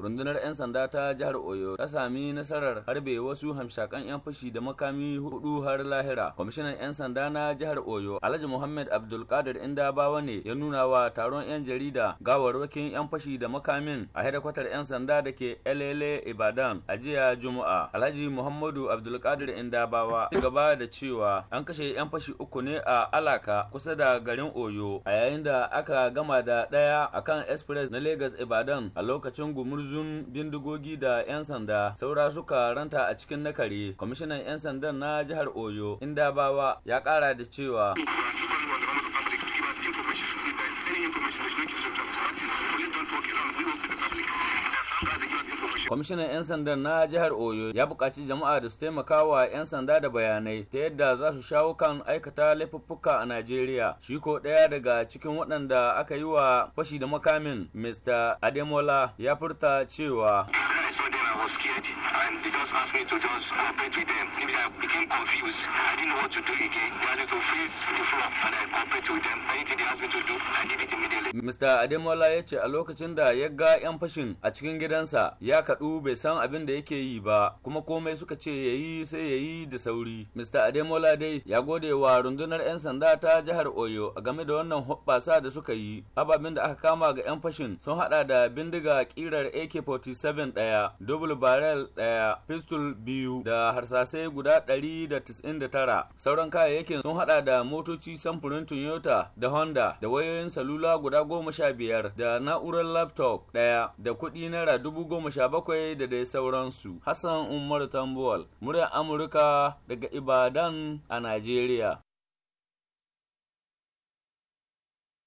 rundunar 'yan sanda ta jihar oyo ta sami nasarar harbe wasu hamshakan 'yan fashi da makami hudu har lahira kwamishinan 'yan sanda na jihar oyo alhaji muhammad abdulkadir indabawa ne ya nuna wa taron 'yan jarida gawarwakin 'yan fashi da makamin a hedakwatar 'yan sanda da ke elele ibadan a jiya juma'a alhaji muhammadu abdulkadir indabawa ya gaba da cewa an kashe 'yan fashi uku ne a alaka kusa da garin oyo a yayin da aka gama da daya akan express na lagos ibadan a lokacin gumurzu gumurzun bindigogi da 'yan sanda saura suka ranta a cikin nakare kwamishinan 'yan sandan na jihar oyo inda bawa ya kara da cewa kwamishinan 'yan sandan na jihar oyo ya bukaci jama'a da su taimaka wa 'yan sanda da bayanai ta yadda za su shawo kan aikata laifuffuka a najeriya shi ko ɗaya daga cikin waɗanda aka yi wa fashi da makamin mr ademola ya furta cewa me to just them. Maybe I became confused. I didn't know what to do again. had to face the floor. Mr. Ademola ya ce a lokacin da ya ga 'yan fashin a cikin gidansa ya kaɗu bai san abin da yake yi ba kuma komai suka ce ya yi sai ya yi da sauri. Mr. Ademola dai ya gode wa rundunar 'yan sanda ta jihar Oyo a game da wannan hoɓɓasa da suka yi. ababin da aka kama ga 'yan fashin sun haɗa da bindiga ƙirar AK-47 ɗaya, double barrel ɗaya, pistol biyu da harsasai guda 199. Sauran kayayyakin sun haɗa da motoci samfurin tunyo Toyota da Honda da wayoyin salula guda goma sha biyar da na'urar laptop ɗaya da kuɗi naira dubu goma sha bakwai da dai sauransu. Hassan Umar Tambuwal, murya Amurka daga Ibadan a Najeriya.